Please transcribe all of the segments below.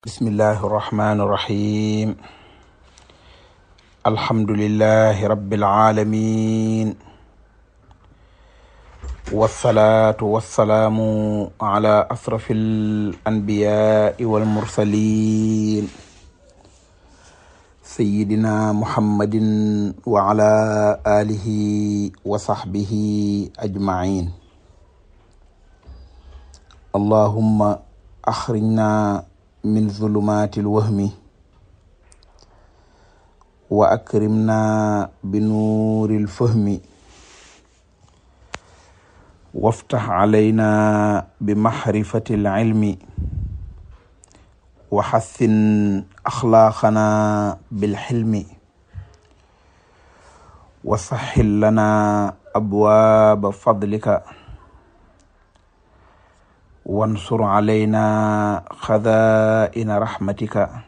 bismillahi irrahmani irrahim alhamdulilahi rabiilalamin walsalaatu walsalaamu ala asrafi alanbiyai walmursalin sayidina muhammadin wa ala alihi wa saxbihi ajmain allahumma axrijna min zulumaatil wahmi wa akrimna binuuril fahmi waftax calayna bimaxrifatil cilmi wa xassin axlaaqana bilxilmi wa saxxil lana abwaaba fadlika wansur alayna xadaa'ina raxmatika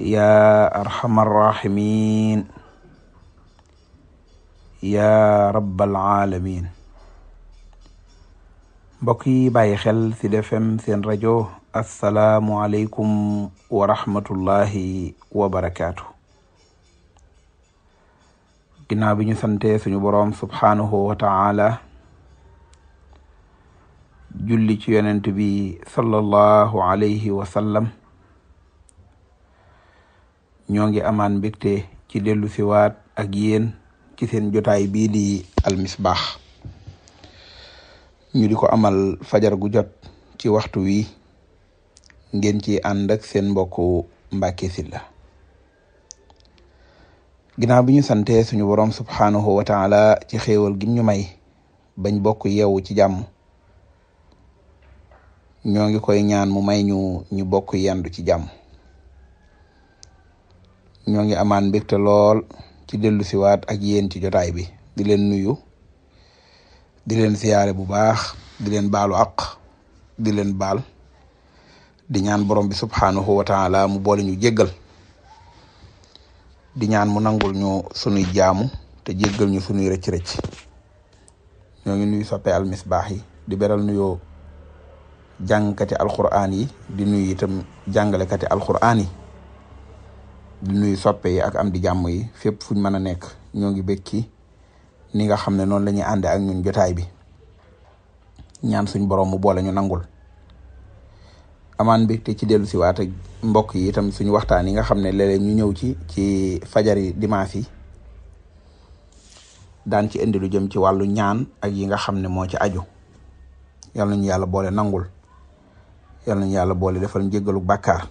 yaa arxamar raximin yaa rabbal aalamiin mbokk yi bàyyi xel ci Sud FM seen rajo assalaamu aleykum wa rahmatullahi wa ginnaaw bi ñu sante suñu borom subhaanahu wa julli ci yonent bi sallallahu alayhi wa sallam ñoo ngi amaan mbégte ci dellu siwaat ak yéen ci seen jotaay bii di almisbaax ñu di ko amal fajar gu jot ci waxtu wi ngeen ci ànd seen mbokku Mbacke Sylla ginnaaw bi ñu sante suñu borom subhaanahu wa ci xéewal gim ñu may bañ bokk yeewu ci jàmm ñoo ngi koy ñaan mu may ñu ñu bokk yendu ci jàmm ñoo ngi amaan mbégte lool ci dellu siwaat ak yéen ci jotaay bi di leen nuyu di leen siyaare bu baax di leen baalu àq di leen baal di ñaan borom bi subhanahu wa taala mu boole ñu jéggal di ñaan mu nangul ñu sunuy jaamu te jéggal ñu sunuy rëcc-rëcc ñoo ngi nuyu soppe Al Misbah yi di beral nuyoo jàngkati alquran yi di nuyu itam jàngalekati alquran yi di nuyu soppe yi ak am di jàmm yi fépp fuñ mën a nekk ñoo ngi békki ni nga xam ne noonu la ñuy ànd ak ñun jotaay bi ñaan suñ borom mu boole ñu nangul amaan bi ci dellu si waat ak mbokk yi itam suñu waxtaan yi nga xam ne léeg ñu ñëw ci ci fajar yi dimanche yi daan ci indi lu jëm ci wàllu ñaan ak yi nga xam ne moo ci aju yàlla ñu yàlla boole nangul yal nañu yàlla boole defal njéggalu bàkkaar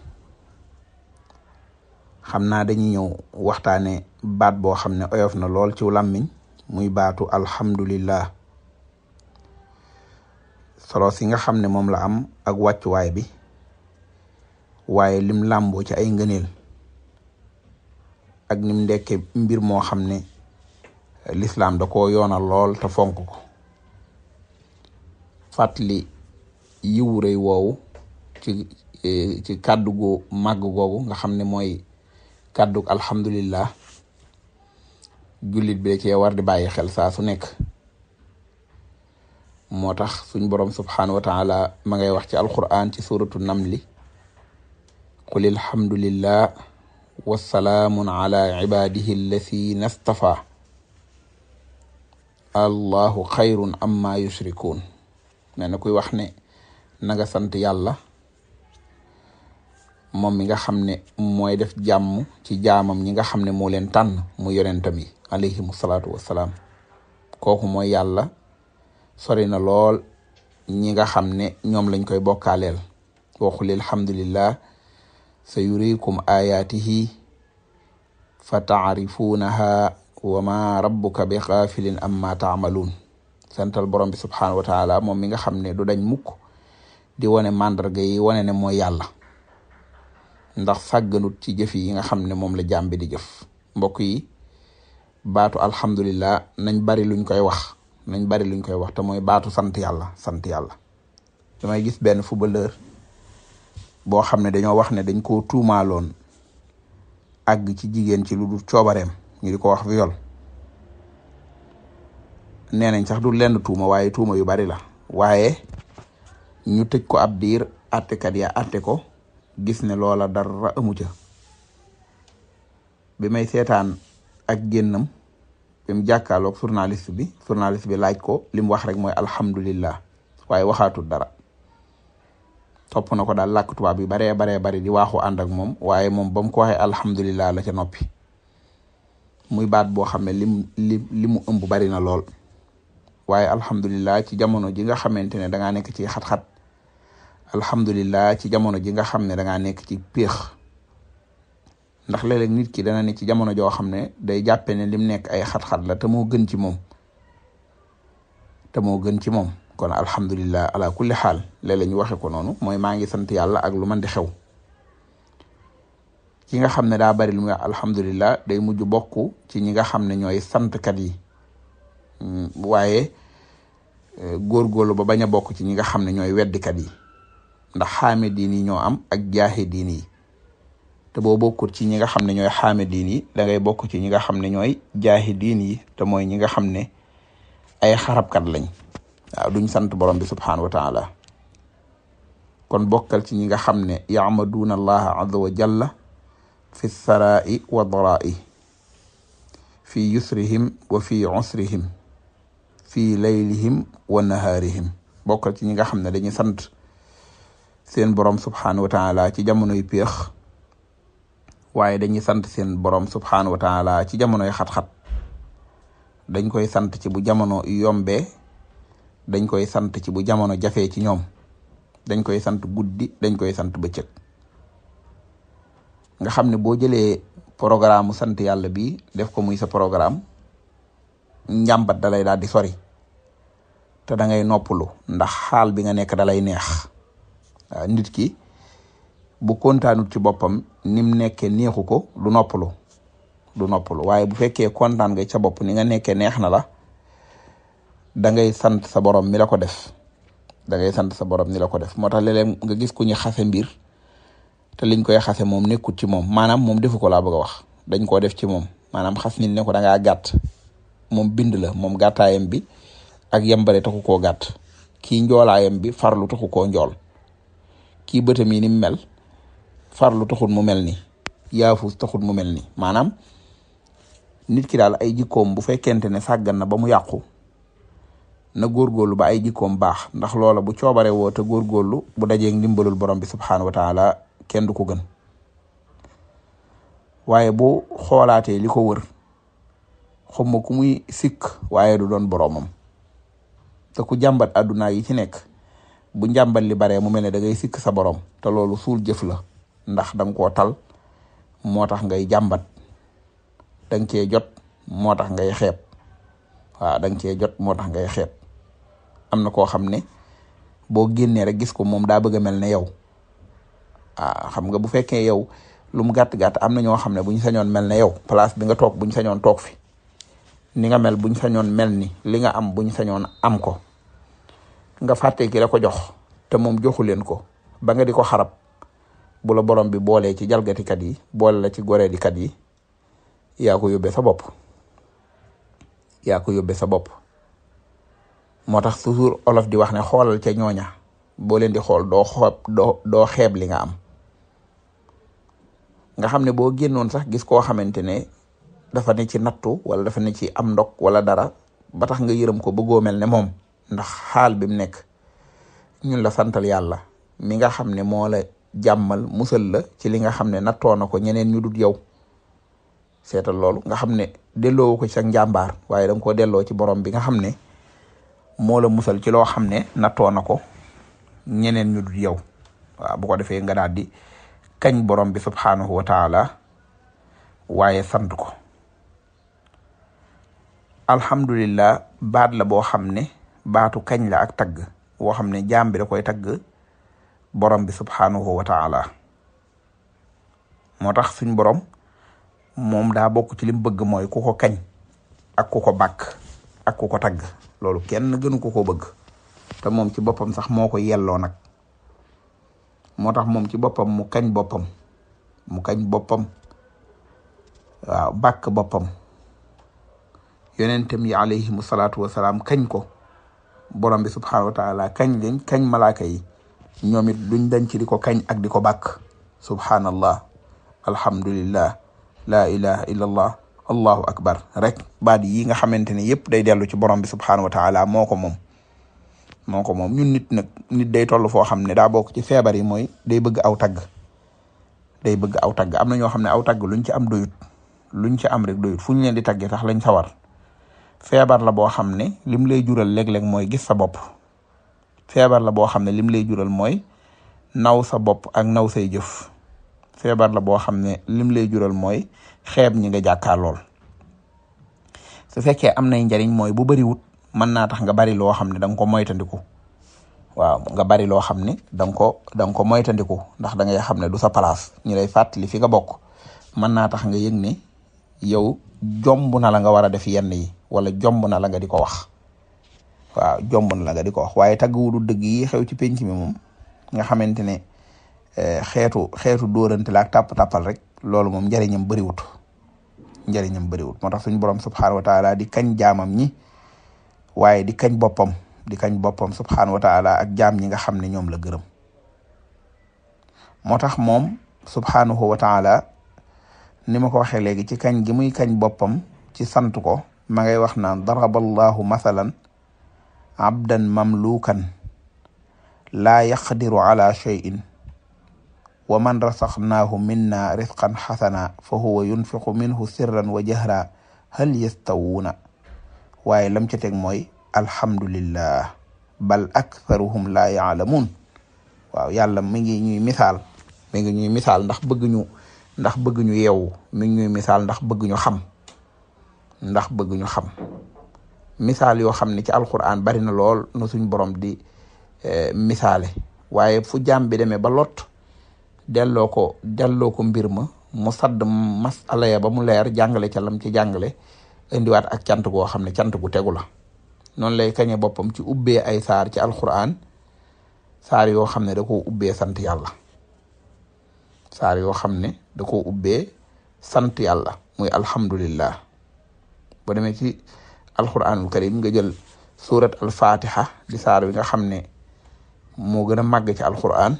xam naa dañuy ñëw waxtaane baat boo xam ne oyof na lool ci làmmiñ muy baatu alhamdulillah solo si nga xam ne moom la am ak wàccuwaay bi waaye lim làmboo ci ay ngëneel ak nim ndekke mbir moo xam ne lislaam da ko yoonal lool te fonk ko fàttali yiwu rëy woowu ci e, ci kàddu gu màgg googu nga xam ne mooy kàddug alhamdulillah jullit bi da cee war di xel saa su nekk moo tax suñ borom subhanahu wa taala ma ngay wax ci alquran ci suratu namli qul alhamdulillah wasalaamun ala ibadihi alladina stafa allahu xayrun amma yushrikun nee na kuy wax ne na sant yàlla moom mi nga xam ne mooy def jàmm ci jaamam ñi nga xam ne moo leen tànn mu yonentam yi alayhimu salaatu wassalaam kooku mooy yàlla sori na lool ñi nga xam ne ñoom lañ koy bokkaaleel waxul alhamdulillah sa yurikum ayatihi fa taarifunaha wa ma rabbuka bi xaafilin amma taamaluun santal borom bi subhanahu wa taala moom mi nga xam ne du dañ mukk di wane màndarga yi wane ne mooy yàlla ndax fàgganut ci jëf yi nga xam ne moom la jaam di jëf mbokk yi baatu alhamdulillah nañ bari luñ koy wax nañ bari luñ koy wax te mooy baatu sant yàlla sant yàlla damay gis benn footballeur boo xam ne dañoo wax ne dañ koo tuumaaloon àgg ci jigéen ci lu dul coobareem ñu di ko wax viol nee nañ sax du lenn tuuma waaye tuuma yu bari la waaye ñu tëj ko ab diir àttekat ya ko gis ne loola dara amu ca bi may seetaan ak génnam bi mu jàkkaarloog journaliste bi journaliste bi laaj ko li mu wax rek mooy alhamdulilah waaye waxaatul dara topp na ko daal làkk tubaab bi baree baree bari di waaxu ànd ak moom waaye moom ba mu ko waxee alhamdulillah la ca noppi muy baat boo xam ne lim li li mu ëmb bari na lool waaye alhamdulillah ci jamono ji nga xamante ne dangaa nekk ci xat-xat alhamdulillah ci jamono ji nga xam ne da ngaa nekk ci piix ndax léeg nit ki dana ne ci jamono joo xam ne day jàppe ne lim nekk ay xat-xat la te moo gën ci moom te moo gën ci moom kon alhamdulillah ala kulli xaal léeg-léeg ñu waxe ko noonu mooy maa ngi sant yàlla ak lu man di xew ki nga xam ne daa bari lu alhamdulillah day mujj bokku ci ñi nga xam ne ñooy santkat yi mm, waaye eh, góorgóorlu ba bañ a bokk ci ñi nga xam ne ñooy weddikat yi ndax xaame yi ñoo am ak jaaxe diin yi te boo bokkul ci ñi nga xam ne ñooy xaame diin yi da ngay ci ñi nga xam ne ñooy jaaxe diin yi te mooy ñi nga xam ne ay xarabkat lañ duñ sant borom bi subhaanahu wa taala kon bokkal ci ñi nga xam ne yaamaduuna allaha azza wa jalla fi sarai wa darai fi yusrihim wa fi usrihim fi laylihim wa nahaarihim bokkal ci ñi nga xam ne dañuy sant seen borom subxanahu wa ta'ala ci jamonoy péex waaye dañuy sant seen borom subxanahu wa ta'ala ci jamonoy xat-xat dañ koy sant ci bu jamono yombee dañ koy sant ci bu jamono jafee ci ñoom dañ koy sant guddi dañ koy sant ba bëccëg nga xam ne boo jëlee programme mu sant yàlla bi def ko muy sa programme njàmbat dalay daal di sori te da ngay noppalu ndax xaal bi nga nekk dalay neex. waaw euh, ki bu kontaanut ci boppam nim nekkee neexu ko du noppalu du noppalu waaye bu fekkee kontaan nga ca bopp ni nga nekkee neex na la dangay sant sa borom mi la ko def da ngay sant sa borom ni ko def moo tax nga gis ku ñu xase mbir te liñ koy xase moom nekkut ci moom maanaam moom defu ko laa bëgg wax dañ koo def ci moom maanaam xas nit ne ko da ngaa gàtt moom bind la moom gàttaayam bi ak yembare taxu koo gàtt kii njoolaayam bi farlu taxu koo njool kii bëtam yi ni mel farlu taxul mu mel ni yaafus taxul mu mel ni maanaam nit ki daal ay jikkoom bu fekkente ne sàggan na ba mu yàqu na góorgóorlu ba ay jikkoom baax ndax loola bu coobare woo te góorgóorlu bu dajeeg ndimbalul borom bi subxanahu wa taala kenn du ko gën waaye bu xoolaatee li ko wër xaw ma ku muy sikk waaye du doon boromam te ku jàmbat àdduna yi ci nekk. bu njàmbat li baree mu mel ne da ngay sikk sa borom te loolu suul jëf la ndax danga koo tal moo tax ngay jàmbat dang cee jot moo tax ngay xeeb waaw danga cee jot moo tax ngay xeeb am na koo xam ne boo génnee rek gis ko moom daa bëgg a mel ne yow ah xam nga bu fekkee yow lu mu gàtt gàtt am na ñoo xam ne bu ñu sañoon mel ne yow place bi nga toog bu ñu sañoon toog fi ni nga mel buñ ñu sañoon mel ni li nga am bu ñu sañoon am ko nga fàtte ki la ko jox te moom joxu leen ko ba nga di ko xarab bu borom bi boolee ci jalgatikat yi boole la ci goreedikat yi yaa ko yóbbee sa bopp yaa ko sa bopp moo tax toujours olof di wax ne xoolal ca ñooña boo leen di xool doo doo xeeb li nga am nga xam ne boo génnoon sax gis koo xamante ne dafa ne ci nattu wala dafa ne ci am ndok wala dara ba tax nga yërëm ko bëggoo mel ne moom ndax xaal bi mu nekk ñun la santal yàlla mi nga xam ne moola jàmmal musal la ci li nga xam ne nattoo na ko ñeneen ñu dut yow seetal loolu nga xam ne delloo ko ci sa njàmbaar waaye danga ko delloo ci borom bi nga xam ne moo la musal ci loo xam ne nattoo na ko ñeneen ñu dut yow waaw bu ko defee nga daal di kañ borom bi subhaanahu wa taala waaye sant ko alhamdulillah baat la boo xam ne baatu kañ la ak tagg woo xam ne jaam bi koy tagg borom bi subhaanahu wa taala moo tax suñ borom moom daa bokk ci lim bëgg mooy ku ko kañ ak ku ko bàkk ak ku ko tagg loolu kenn gënu ko ko bëgg te moom ci boppam sax moo ko yelloo nag moo tax moom ci boppam mu kañ boppam mu kañ boppam waaw bàkk boppam yonentam yi alayhimu salaatu salaam kañ ko borom bi subxanahu wa kañ leen kañ malaaka yi ñoom it duñ dañ ci di ko kañ ak di ko bàkk subhanallah alhamdulillah la ilaha illallah allahu akbar rek baat yi nga xamante ne yëpp day dellu ci borom bi subxanahu wa moo ko moom. moo moom ñun nit day toll foo xam ne daa bokk ci feebar yi mooy day bëgg aw tagg day bëgg aw tagg am na ñoo xam ne aw tagg luñ ci am doyut luñ ci am rek doyut fu ñu leen di taggee tax lañ sawar feebar la boo xam ne lim lay jural léeg-léeg mooy gis sa bopp feebar la boo xam ne lim lay jural mooy naw sa bopp ak naw say jëf feebar la boo xam ne lim lay jural mooy xeeb ñi nga jàkkaarlool su fekkee am nay njariñ mooy bu bariwut mën naa tax nga bari loo xam ne danga ko moytandiku waaw nga bari loo xam ne danga ko danga ko moytandiku ndax dangay xam ne du sa place ñu lay fàttali fi nga bokk mën naa tax nga yëg ne yow jomb na la nga war a def yenn yi wala jomb na la nga di ko wax waaw jomb na di ko wax waaye tagguwudu dëgg yi xew ci penc mi moom nga xamante ne eh, xeetu xeetu dóorante la ak tàpp rek loolu moom njëriñam bëriwut njëriñam bëriwut moo tax suñu borom subxanahu wa taala di kañ jaamam ñi waaye di kañ boppam di kañ boppam subxanahu wa taala ak jaam ñi nga xam ne ñoom la gërëm moo tax moom subxanahu wa taala ni ma ko waxee léegi ci kañ gi muy kañ boppam ci sant ko. ma ngay wax naan daraballahu mathalan abdan mamlukan laa yaqdiru ala cheyin wa man rasaxnaahu minna risqan xasana fa huwa yunfiqu minhu sirran wa jahra hal yastawuuna waaye lam ca teg mooy alhamdulillah bal aktharuhum laa yaalamuun waaw yàlla mi ngi ñuy misaal mi ngi ñuy misaal ndax bëgg ñu ndax bëgg ñu mi ngi ñuy ndax bëgg xam ndax bëgg xam misaal yoo xam ne ci alquran bari na lool nu suñ borom di eh, misaale waaye fu jaam bi demee ba lot delloo ko delloo ko mbir ma mu sadd masala ya ba mu leer jàngale ca lam ci jàngale indiwaat ak cant goo xam ne cant gu tegu la noonu lay kañe boppam ci ubbee ay saar ci alquran saar yoo xam ne da koo ubbee sant yàlla saar yoo xam ne da ko ubbee sant yàlla muy alhamdulillah boo demee ci alquranul karim nga jël surat al di saar bi nga xam ne moo gën a màgg ci alquran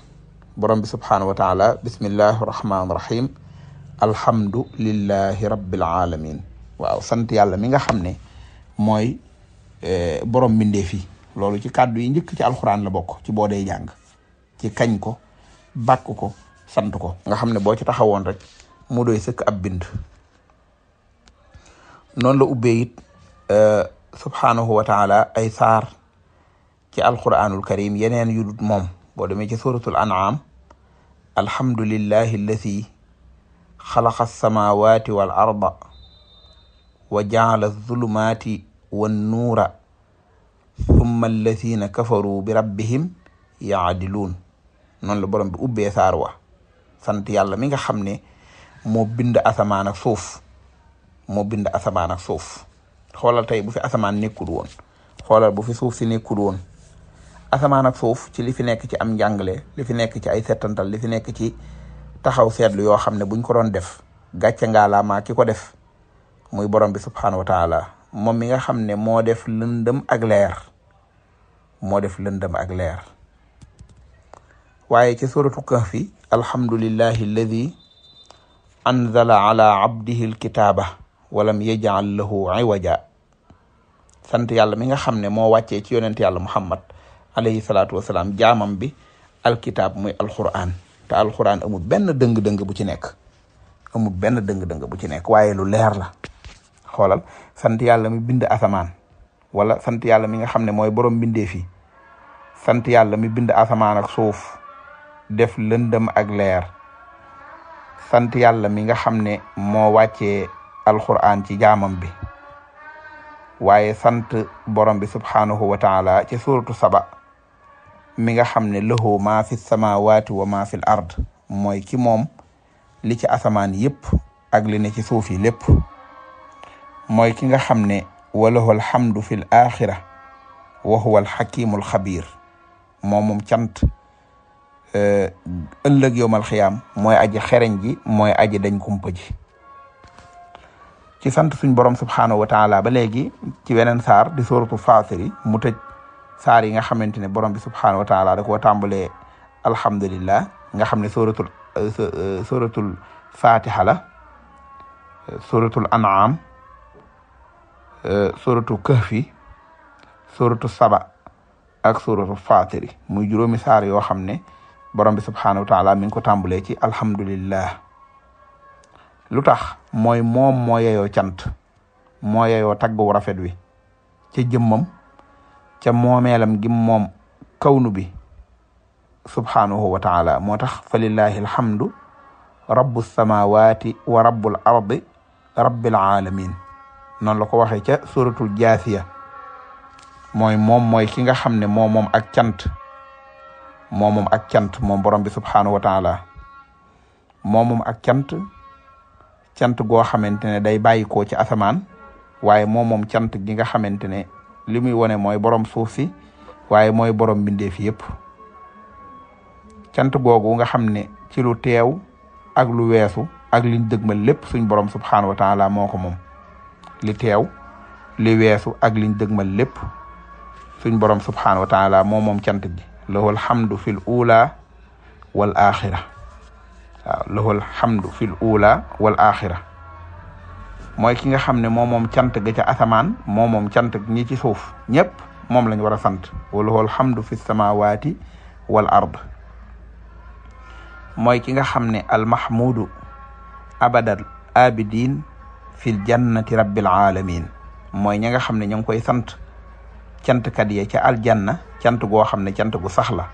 borom bi subhaanahu wa taala bismillahi rahmaani rahim alhamdu lillahi rabbil alamin waaw sant yàlla mi nga xam ne mooy eh, borom mbindeef yi loolu ci kàddu yi njëkk ci alxuraan la bokk ci boo dee jàng ci kañ ko bàkk ko sant ko nga xam ne boo ci taxawoon rek mu doy sëkk ab bind noonu la ubbee it euh, subhaanahu ay saar ci alquranul karim yeneen yu dut moom boo demee ci suratul an'am alhamdulillahi alladi xalaqa alsamawati wal arda wa jaala alzulumaati wannuura summa alladina kafaru bi rabbihim yaadiluun noonu la borom bi ubbee saar wa sant yàlla mi nga xam ne moo bind asamaan ak suuf moo bind asamaan ak suuf xoolal tey bu fi asamaan nekkul woon xoolal bu fi suuf si nekkul woon asamaan ak suuf ci li fi nekk ci am njàngale li fi nekk ci ay settantal li fi nekk ci taxaw seetlu yoo xam ne buñ ko doon def gàcce ngaa laa maa ki ko def muy borom bi subxanahu wa taala moom mi nga xam ne moo def lëndëm ak leer moo def lëndëm ak leer waaye ci suratu kahfi alhamdulillahi alladi anzala ala abdihi alkitaaba walam yaj'al lahu iwaja sant yàlla mi nga xam ne moo wàccee ci yonent yàlla muhammad alayhi salaatu wasalaam jaamam bi alkitab muy alquran te alquran amul benn dëng-dëng bu ci nekk amul benn dëng-dëng bu ci nekk waaye lu leer la xoolal sant yàlla mi bind asamaan wala sant yàlla mi nga xam ne mooy borom bindee fi sant yàlla bind asamaan ak suuf def lëndëm ak leer sant mi nga xam ne moo wàccee alquran ci jaamam bi waaye sant borom bi subhaanahu wa taala ci suratu saba mi nga xam ne lahu maa fi samawati wa maa fi ard mooy ki moom li ci asamaan yépp ak ci suuf yi lépp mooy ki nga xam ne wa lahu alhamdu fi l axira wa huwa alxakimul xabir moom moom cant euh, ëllëg yowmal xiyaam mooy aji xereñ ji mooy aji dañ kumpa ci sant suñ borom subhaanahu wa taala ba léegi ci weneen saar di sóoratu faasiri mu tëj saar yi nga xamante ne borom bi subhaanahu wa taala da koo tàmbalee alhamdulillah nga xam ne sóoratul sóoratul fatiha la sóoratul an'am sóoratu kahfi sóoratu saba ak sóoratu faatiri muy juróomi saar yoo xam ne borom bi subhaanahu wa taala mi ko tàmbalee ci alhamdulillah lu tax mooy moom moo yeyoo cant moo yeyoo taggu rafet wi ca jëmmam ca moomeelam gi moom kawnu bi subhaanahu wa taala moo tax fa lillahi alhamdu rabbu samawati wa rabbul ardi rabbil alamin noonu la ko waxee ca suratul jaasiya mooy moom mooy ki nga xam ne moo moom ak cant moo moom ak cant moom borom bi subhaanahu wa taala moo ak cant cant goo xamante ne day bàyyikoo ci asamaan waaye moom moom cant gi nga xamante ne li muy wone mooy borom suuf si waaye mooy borom mbindeef yépp cant googu nga xam ne ci lu teew ak lu weesu ak liñ dëgmal lépp suñ borom subxanahu wa taala moo ko moom li teew li weesu ak liñ dëgmal lépp suñ borom subxanahu wa taala moo moom cant gi lahul hamdu fil ula wal axira waaw lahul fi fil ula wal axira mooy ki nga xam ne moo moom cant ga ca asamaan moo moom cant ñi ci suuf ñëpp moom lañ war a sant wa lahul hamdu fi samawati wal ard mooy ki nga xam ne almahmudu abadal abidin fil jannati rabbil alamin mooy ña nga xam ne ña ngi koy sant cantkat ya ca aljanna cant goo xam ne cant gu sax la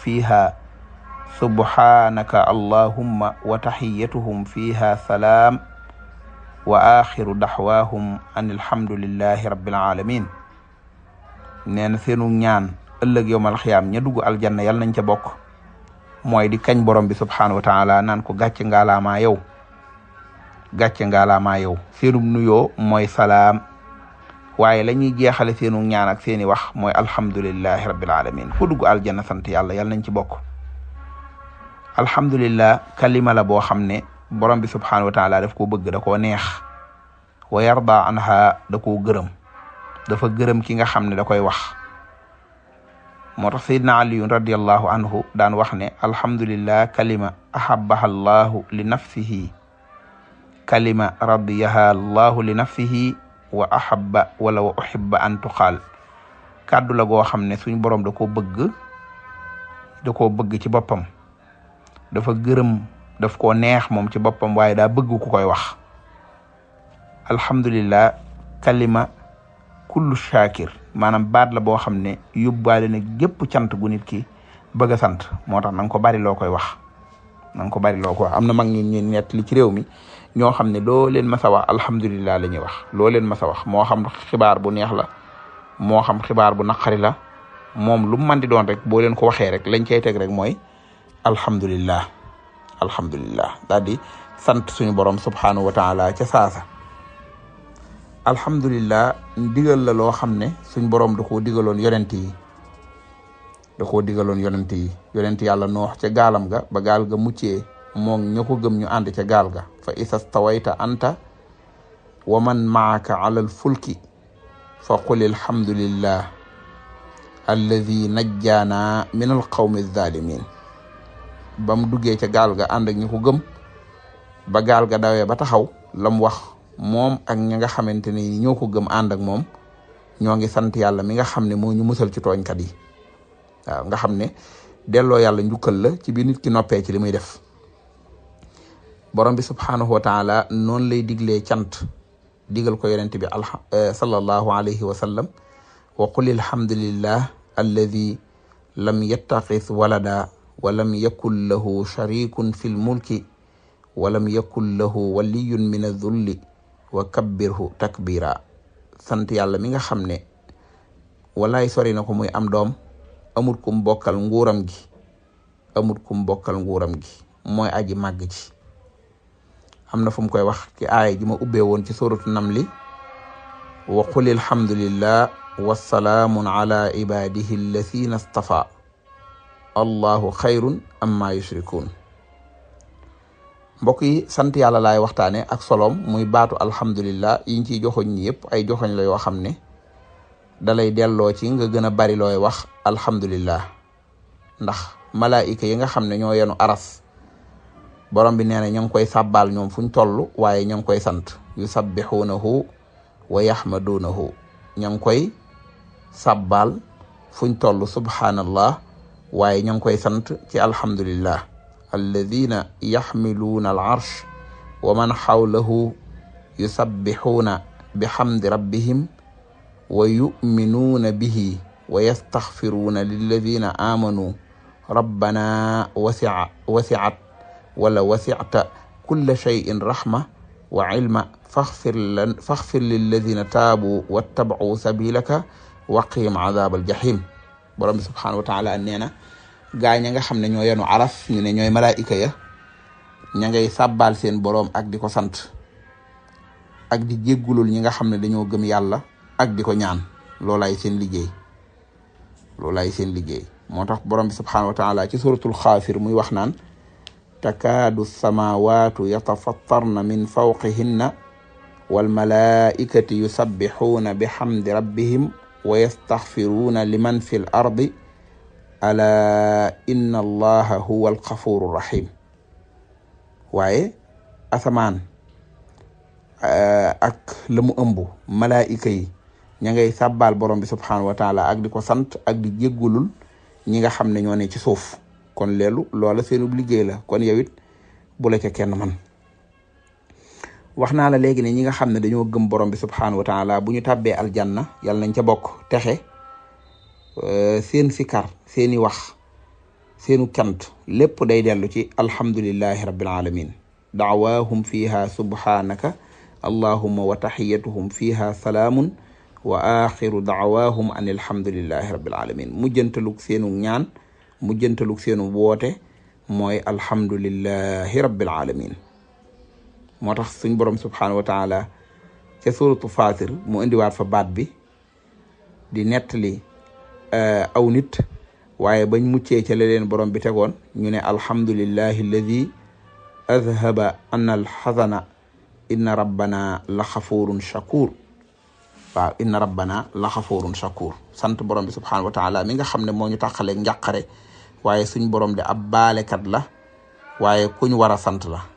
fiha subhaanaka allahumma wa taxiyatuhum fiha salaam wa axiru daxwaahum an alhamdulillahi rabbil alamin nee na seenu ñaan ëllëg yowmal xiyaam ña dugg aljanna yal nañ ca bokk mooy di kañ borom bi subhaanahu wa taala naan ko gàcce ngaalaamaa yow gàcce ngaalaamaa yow seenum nuyoo mooy salaam waaye la ñuy jeexale seenu ñaan ak seeni wax mooy alhamdulillahi rabbil alamin ku dugg aljanna sant yàlla yal nañ ci bokk alhamdulillah kalima la boo xam ne borom bi subhanahu wa taala daf koo bëgg da koo neex wa yarda anha da koo gërëm dafa gërëm ki nga xam ne da koy wax moo tax sayidna aliyun radiallahu anhu daan wax ne alhamdulillah kalima ahabaha allahu li nafsihi kalima radiyaha allahu li nafsihi wa ahaba wala wa uhibba an tuqaal kàddu la goo xam ne suñ borom da koo bëgg da koo bëgg ci boppam dafa gërëm daf ko neex moom ci boppam waaye daa bëgg ku koy wax alhamdulillah kalima kullu shakir maanaam baat la boo xam ne yóbbaale na gépp cant gu nit ki bëgg a sant moo tax na nga ko bari koy wax na ko bari loo koy wax am na mag ñi ñu nett li ci réew mi ñoo xam ne loo leen mas a wax alhamdulilah la ñuy wax loo leen mas a wax moo xam xibaar bu neex la moo xam xibaar bu naqari la moom lu mu mën doon rek boo leen ko waxee rek lañ cay teg rek mooy alhamdulillah alhamdulillah daal sant suñu borom subhanahu wa taala ca saasa alhamdulillah digal la loo xam ne suñ borom da koo digaloon yonent yi da koo digaloon yonent yi yonent yàlla noox ca gaalam ga ba gaal ga muccee moom ña ko gëm ñu ànd ca gaal ga fa isa stawayta anta wa man maaka ala fulki fa qul alhamdulillah alladi najjaana min alqawmi alzalimin ba mu duggee ca gaal ga ànd ak ñi ko gëm ba gaal ga dawee ba taxaw lam wax moom ak ñi nga xamante ni ñoo ko gëm ànd ak moom ñoo ngi sant yàlla mi nga xam ne moo ñu musal ci tooñkat yi waaw nga xam ne delloo yàlla njukkal la ci bi nit ki noppee ci li def borom bi subhaanahu wa taala noonu lay diglee cant digal ko yonent bi alha eh, sallallahu alayhi wa sallam wa qul alhamdulillah alladi lam yattaqis walada walam yakun lahu sharikun fi lmulki walam yakun lahu waliyun min adulli wa kabbirhu sant yàlla mi nga xam ne walaay sori na ko muy am doom amut kum bokkal gi amut kum bokkal nguuram gi mooy aji màgg ci am na fu mu koy wax ci aaya ma ubbee woon ci suratu namli wa qul alhamdulillah wasalaamun ala ibadihi alladina stafa allahu xayrun amma yushrikuun mbokk yi sant yàlla laay waxtaane ak soloom muy baatu alhamdulillah yiñ ciy joxoñ ñi yëpp ay joxoñ la yoo xam ne dalay delloo ci nga gën a bari looy wax alhamdulillah ndax mala malaayika yi nga xam ne ñoo yenu aras borom bi nee na ña ngi koy sàbbaal ñoom fuñ toll waaye ña ngi koy sant yu yusabbixuunahu wa yaxmaduunahu ña ngi koy sàbbaal fuñ toll subhaanallah waaye ñoo ngi koy sant ci alhamdulillah alladina yaxmiluuna al arsh wa man xawlahu yusabbixuuna bixamdi rabbihim wa yuminuuna bihi wa yastaxfiruuna lilladina aamanuu rabbana wasica wasicat wala wasicta kulla shayin raxma wa cilma faxfir lan faxfir lilladina taabuu wattabacuu sabiilaka waqihim cadaaba aljahim borom bi subxanahu wa taala nee na gaa ña nga xam ne ñoo yenu araf ñu ne ñooy malaayika ya ña ngay sàbbaal seen borom ak di ko sant ak di jéggulul ñi nga xam ne dañoo gëm yàlla ak di ko ñaan loolaay seen liggéey loolaay seen liggéey moo tax borom bi subxanahu wa taala ci suratul xaafir muy wax naan. takaadu samaawaatu yatafattarna min fawqihinna wal yu yusabbixuuna bi xamdi rabbihim wa yastaxfiruuna liman fi l ardi alaa inna allaha huwa alxafuru rahim waaye asamaan eh, ak la mu ëmb malaayika yi ña ngay sàbbaal borom bi subhaanahu wa ak di ko sant ak di jéggulul ñi nga xam ne ñoo ci suuf kon leelu loola seenub liggéey la kon yow it ca kenn man wax naa la léegi ne ñi nga xam ne dañoo gëm borom bi subhaanahu wa taala bu ñu tàbbee aljanna yàlla nañ ca bokk texe euh, seen sikar seeni wax seenu cant lépp day dellu ci alhamdulillahi rabbil alamin daawaahum fiha subhaanaka allahumma wa taxiyatuhum fiha salaamun wa axiru daawaahum an alhamdulillahi rabbil alamin seenu ñaan mujjantalug seenu woote mooy alhamdulillahi rabbil moo tax suñ borom subhanahu wa taala ca suratu Fatir mu indiwaat fa baat bi di nettali euh, aw nit waaye bañ muccee ca la leen borom bi tegoon ñu ne alhamdulillahi alladi adhaba anna alxazana inna rabbana la xafurun shakur waaw inna rabbana la xafurun shakur sant borom bi subhanahu wa taala mi nga xam ne moo ñu tàqale njàqare waaye suñ borom de ab baalekat la waaye kuñ war a sant la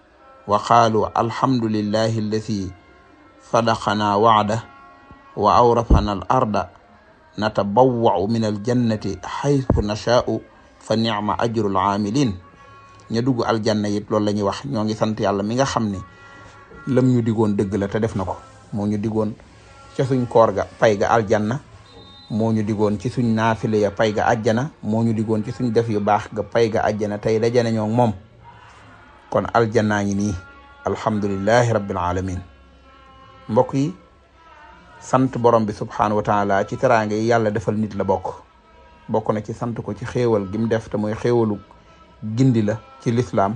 wa qaalu alhamdulillahi alladi sadaqanaa wacda wa awrasana al arda natabawwau min aljannati xaytu nashaau fa nicma ajru alaamilin ña dugg aljanna it loolu la wax ñoo ngi sant yàlla mi nga xam ni lam ñu digoon dëgg la te def na ko moo digoon ca suñ koor ga pay ga aljanna moo ñu digoon ci suñ naafile ya pay ga moo ñu digoon ci suñ def yu baax ga pay ga ajjana tey dajana ñoo moom kon aljannaa ngi nii alhamdulilahi rabbil alamin mbokk yi sant borom bi subhaanahu wa taala ci teraanga yi yàlla defal nit la bokk bokk na ci sant ko ci xéewal gim def te mooy xéewalu gindi la ci lislaam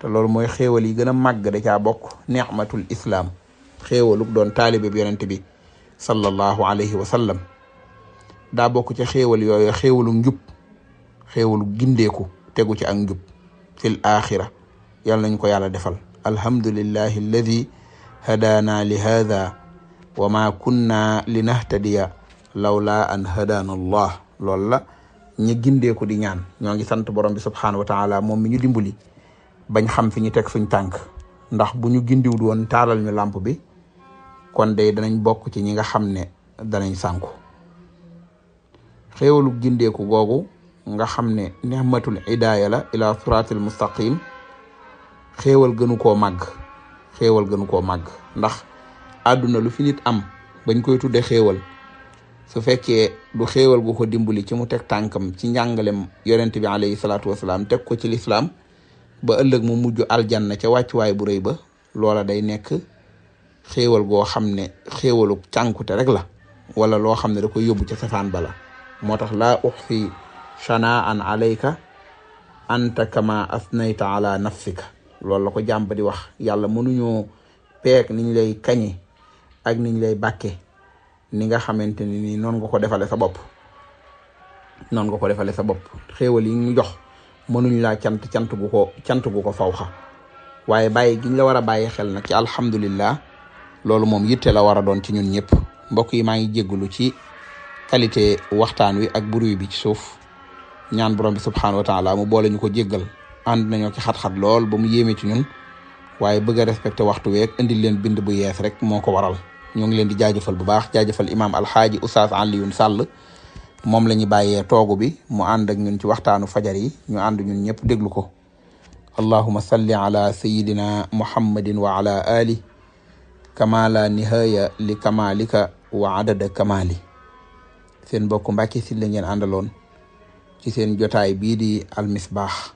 te loolu mooy xéewal yi gën a màgg da caa bokk nicmatul islaam xéewaluk doon taalibe bi yonent bi sallallahu alayhi wa sallam daa bokk ci xéewal yooyu xéewalu njub xéewalu gindeku tegu ci ak njub fil axira yàlla nañ ko yàlla defal alhamdulillahi alladi hadaana li hada wa ma kunna linahtadiya lawla an hadaana allah loolu la ñi gindeeku di ñaan ñoo ngi sant borom bi subhaanahu wa moom mi ñu dimbali bañ xam fi ñu teg suñ tànk ndax bu ñu gindiwul woon taalal ñu làmp bi kon day danañ bokk ci ñi nga xam ne danañ sànku xéewalu gindeeku googu nga xam ne nehmatul hidaaya la ila siraatil mustaqim xéewal gënu koo màgg xéewal gënu koo màgg ndax àdduna lu fi nit am bañ koy tudde xéewal su fekkee du xéewal gu ko dimbali ci mu teg tànkam ci njàngalem yonent bi alayhi salaatu salaam teg ko ci lislaam ba ëllëg mu mujj aljanna ca wàccuwaay bu rëy ba loola day nekk xéewal goo xam ne xéewalu cànkute rek la wala loo xam ne da koy yóbbu ca safaan bala moo tax laa uxsi shanaan alayka anta kama asnayta ala nafsika loolu la ko jàmb di wax yàlla mënuñoo pek niñ lay kañe ak niñ lay bàkke ni nga xamante ni nii noonu nga ko defale sa bopp noonu nga ko defale sa bopp xéewal yi ñu jox mënuñ laa cant cant cant gu ko fawxa waaye bàyyi giñ la war a bàyyi xel nag ci alhamdulillah loolu moom yitte la war a doon ci ñun ñëpp mbokk yi maa ngi jéggulu ci qualité waxtaan wi ak bruit bi ci suuf ñaan borom bi subhanahu wa taala mu boole ñu ko jéggal ànd nañoo ci xat-xat lool ba mu yéeme ci ñun waaye bëgg a respecté waxtu weeg indil leen bind bu yees rek moo ko waral ñoo ngi leen di jaajëfal bu baax jaajëfal imaam alxaaji oustaz Alioune Sall moom la ñu bàyyee toogu bi mu ànd ak ñun ci waxtaanu fajar yi ñu ànd ñun ñëpp déglu ko allahuma salli ala sayidina muhammadin wa ala ali kamala nihaya li kamalika wa adada kamali seen mbokku Mbàkke Sylla la ngeen àndaloon ci seen jotaay bii di almisbaax